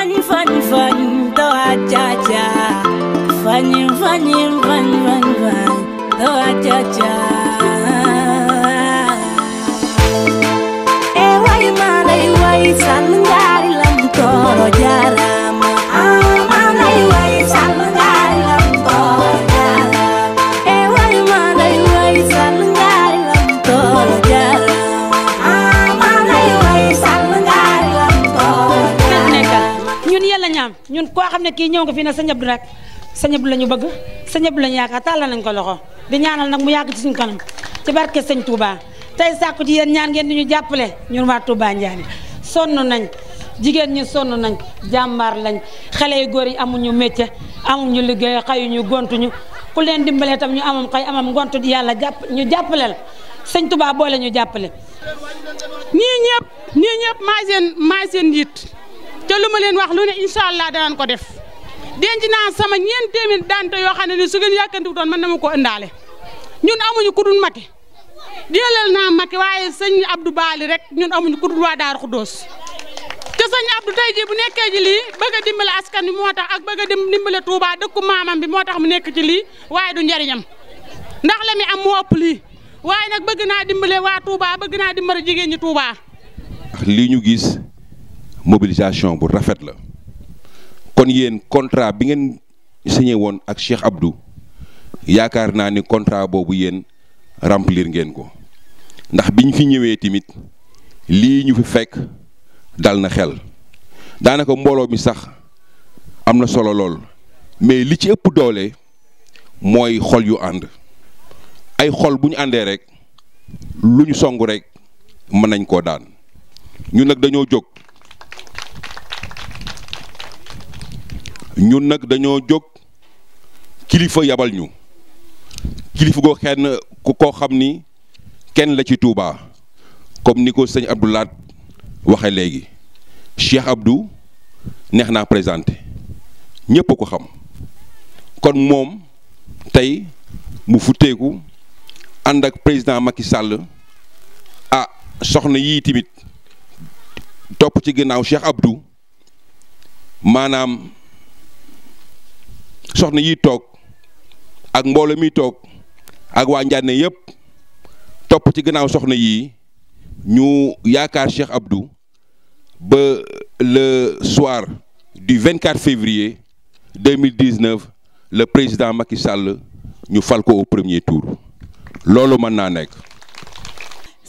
fani fani fani to acha cha fani fani fani fani fani to acha cha e wai ma dai wai san gari lam to jara ñun koo xam ne kii ñëw nga fii ne sëñ Abdou rek sëñ Abdou la ñu bëgg sëñ Abdou la ñu yaakaar tàllal nañ ko loxo di ñaanal nag mu yàgg ci suñu kanam ci barke sëñ Touba tey sàkku ci yéen ñaan ngeen di ñu jàppale ñun waa Touba Ndiané sonn nañ jigéen ñi sonn nañ jàmbaar lañ xale yu góor yi amuñu métier amuñu liggéey xayuñu gontuñu ku leen dimbalee tam ñu amam xay amam gontu yàlla jàpp ñu jàppale la sëñ Touba boole ñu jàppale. nii ñëpp nii ñëpp maay seen ca luma ma leen wax lu ne incha allah ko def denj na sama ñeent téeméer daante yoo xam ni su le. doon man dama ko ëndalé ñun amuñu ku maké Macky na maké waye waaye Abdou Bali rek ñun amuñu kudul wa waa Daaru te Abdou tey bu nekké ji li bëgg a askan bi motax ak bëgg dim dimbale Touba dekk mamam bi motax mu nekk ci li waye du ñariñam ndax lami am mo ëpp lii waaye bëgg na dimbalé wa Touba bëgg na dimbale jigéñu Touba. gis. mobilisation bu rafet la kon yéen contrat bi ngeen signé woon ak Cheikh Abdou yaakaar naa ni contrat boobu yéen remplir ngeen ko ndax biñ fi ñëwee tamit lii ñu fi fekk dal na xel daanaka mbooloo mi sax am na solo lool mais li ci ëpp doole mooy xol yu ànd ay xol bu ñu àndee rek lu ñu song rek mën nañ koo daan ñu nag dañoo jóg ñun nag dañoo jóg kilifa yabal ñu kilifa goo xenn ku xam ni kenn la ci Touba comme ni ko sëñ Abdou Lahat waxe léegi Cheikh abdu neex naa présenté ñépp ko xam kon moom tey mu futteeku ànd ak président Macky sàll ah soxna yii tamit topp ci ginnaaw Cheikh Abdou maanaam soxna yi toog ak mboolo mi toog ak waa Njànne yëpp topp ci gannaaw soxna yi ñu yaakaar Cheikh Abdou ba le soir du 24 février 2019 le président Macky Sall ñu fal ko au premier tour loolu mën naa nekk.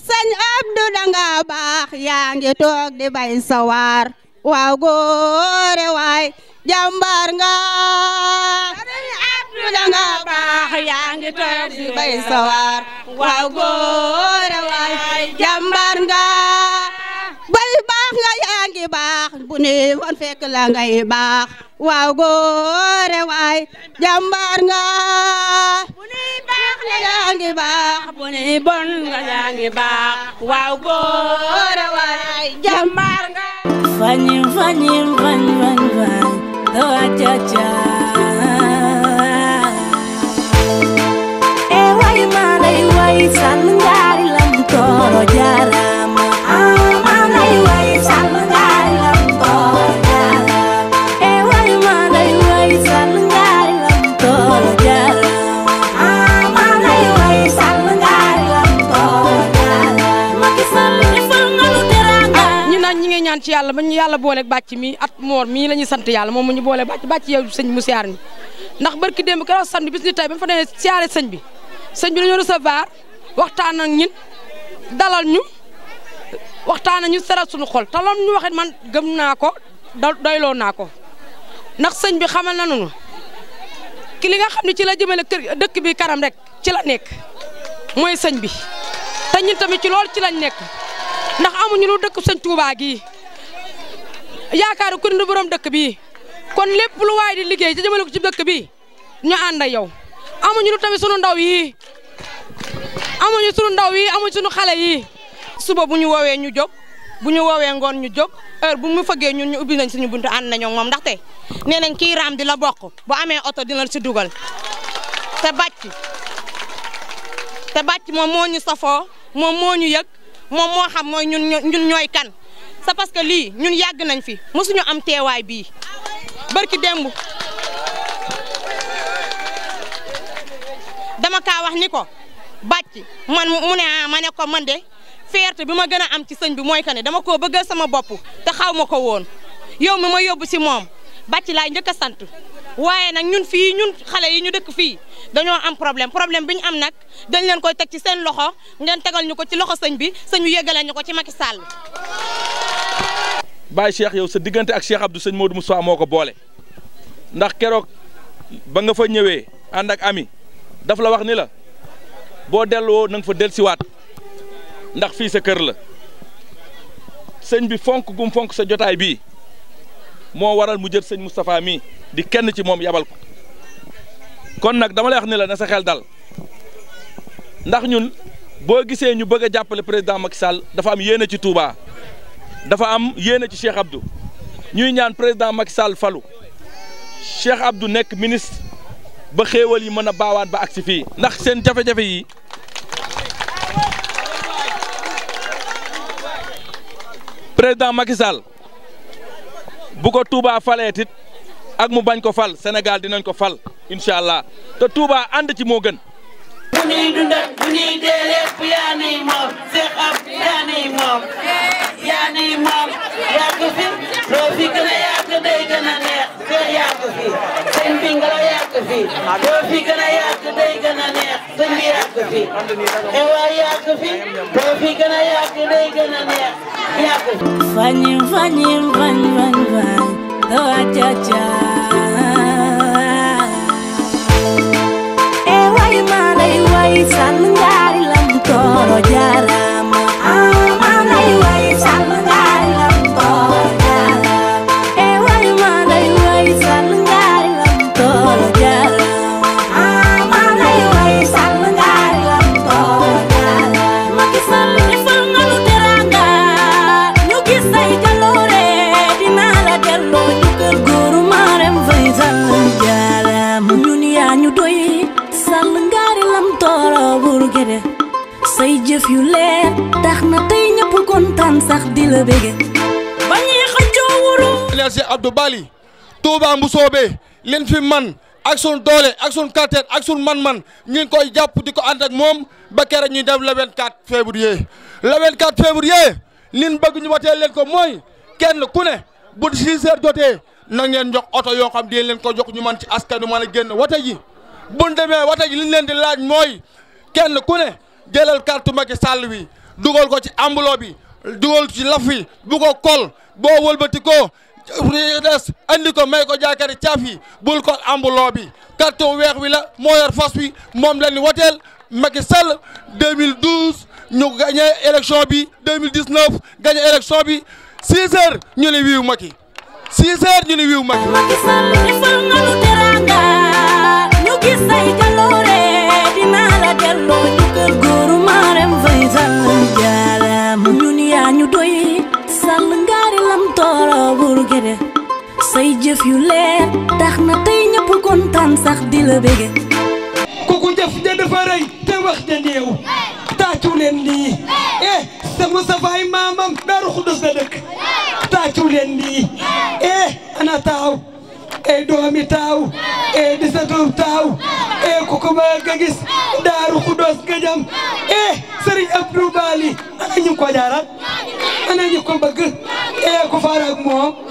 sëñ Abdou da nga baax yaa ngi toog di bay sawar waaw góore waay. jàmbaar nga abdula nga baax yaa ngi toog di bay sawar waaw góor waay jàmbaar nga bal baax nga yaa ngi baax bu ne woon fekk la ngay baax waaw góor waay jàmbaar nga bu ne baax nga yaa ngi baax bu ne bon nga yaa ngi baax waaw góor waay jàmbaar nga fañ fañ fañ fañ fañ Ewa imana iwa isanngari lamtoro jara yàlla ba ñu yàlla boole bàcc mi at moor mii sant yàlla moom mu ñu boole bàcc bàcc yow sëñ mu siyaar mi ndax barki démb keroog sant bis ni tey ba fa demee siyaare sëñ bi sëñ bi waxtaan ak ñun dalal ñu waxtaan ak ñu suñu xol te loolu ñu waxit man gëm naa ko doyloo naa ko ndax sëñ bi xamal nañu ki li nga xam ne ci la jëmale kër dëkk bi kanam rek ci la nekk mooy sañ bi te ñun tamit ci loolu ci lañ nekk ndax amuñu lu dëkk sëñ Touba yaakaaru ku du borom dëkk bi kon lepp lu way di liggey ci jëmale ci dëkk bi ñu ànd yow amuñu lu tamit suñu ndaw yi amuñu suñu ndaw yi amuñu suñu xalé yi suba buñu wowe ñu jog buñu wowe ngon ñu jog heure bu mu fëggee ñun ñu ubbi nañ suñu buntu ànd nañoo moom ndaxte nee nañ ki ram di la bokk bu amé auto dina la si dugal te bàcc te bàcc moom moo ñu safoo moom moo ñu xam moy ñun ñun kan c'est parce que lii ñun yàgg nañ fi mosuñu am teewaay bii bërki démb dama kaa wax ni ko bàcc man mu ne ah, ma ne ko man de fierté bi ma gën a am ci sëñ bi mooy que ne dama koo bëggal sama bopp te xaw ma ko woon yow mi ma yóbbu si moom bàcc laay njëkk a sant waaye nag ñun fii ñun xale yi ñu dëkk fii dañoo am problème problème bi ñu am nag dañ leen koy teg ci seen loxo ngeen tegal ñu ko ci loxo sëñ bi sëñ bi yëgalee ñu ko ci Macky Sall Baye Cheikh yow sa diggante ak Cheikh Abdou sëñ Modou Moustapha moo ko boole ndax keroog ba nga fa ñëwee ànd ak ami daf la wax ni la boo delloo na nga fa siwaat ndax fii sa kër la sëñ bi fonk gum fonk sa jotaay bii moo waral mu jël sëñ Moustapha mi di kenn ci moom yabal ko kon nag dama lay wax ni la na sa xel dal ndax ñun boo gisee ñu bëgg a jàppale président Macky Sall dafa am yéene ci tuubaa dafa am yéene ci Cheikh Abdou ñuy ñaan président Macky Sall falu Cheikh Abdou nekk ministre ba xéewal yi mën a baawaan ba agsi fii ndax seen jafe-jafe yi président Macky bu ko Touba faleetit ak mu bañ ko fal Sénégal dinañ ko fal incha allah te Touba ànd ci moo gën. bu ñuy dundal bu ñuy dee lépp yaa nuy moom Seex ab yaa nuy moom yaa nuy moom yaa ko fi loo fi gën a yàgg day gën a neex soo yaa ko fi sëñ bi nga yaa ko fi loo fi gën a yàgg day gën a neex sëñ bi yaa ko fi te waay yaa ko fi loo fi gën a yàgg day gën a neex yaa ko fi. fañi fañi fañ fañ fañ doo ca caa. san menjadi lampu koro jarak yu leer tax na tey ñëpp kontaan sax di la bége ba ñuy xëccoo wuru énergie Abdou Bali Touba bu soobee leen fi man ak suñ doole ak suñ kattan ak suñ man-man ñu ngi koy jàpp di ko ànd moom ba kere ñuy def le 24 février le 24 février liñ bëgg ñu watee leen ko mooy kenn ku ne bu 6 heures jotee na ngeen jox oto yoo xam di leen ko jox ñu man ci askan wi mën a génn wate ji buñ demee wate ji liñ leen di laaj mooy kenn ku ne jëlal carte Macky Sall wi dugal ko ci ambulo bi dugal ci laf wi bu kol boo wëlbati ko des andi ko may ko jaakari caaf yi bul ko ambulo bi carte weex wi la moo yor fas wi moom lañu woteel Macky Sall 2012 ñu gagné élection bi 2019 gagné élection bi 6 ñu ne wiiw Macky 6 ñu ne wiiw Macky jëf yu leer tax na tay ñepp kontan sax di la ko ko jëf ja dafa rëy te wax ja néew taacu len lii eh sama safaay maamam daaru xudus la dëkk taacu len lii eh ana taaw ee eh, doomi taw e eh, di sa doom taw e eh, ku ko ma ga gis daaru xudu sa jam eh sëriñ Abdou Bali ana ñu ko jaaral ana ñu ko bëgg ee ku faara ak mom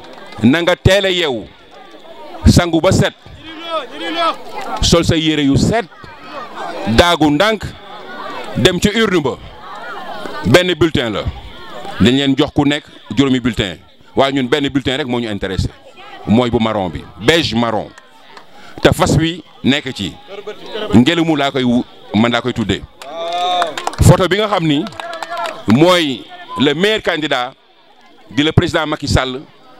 nanga nga teel a sangu ba set sol sa yu set dagu ndank dem ci urne ba ben bulletin la dañ len jox ku nek juróomi bulletin wa ñun ben bulletin rek moo ñu intéressé moy bu marron bi beige marron ta fas wi nekk ci ngelamu la koy man la koy tuddee photo bi nga xamni moy le meilleur candidat di le président Macky Sall.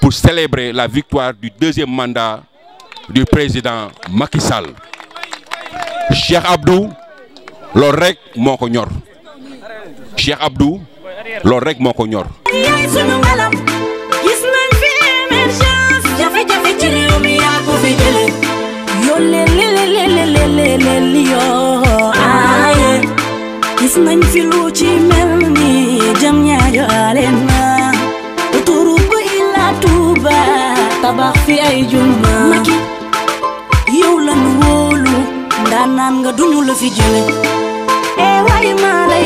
pour célébrer la victoire du deuxième mandat du président Macky Sall Cheikh Abdou l'orec rek Cher Abdou l'orec rek tuuba tabax fi ay juma maki yow lan wóolu ndaanaan nga duñu la fi jële ee eh, waay maa lay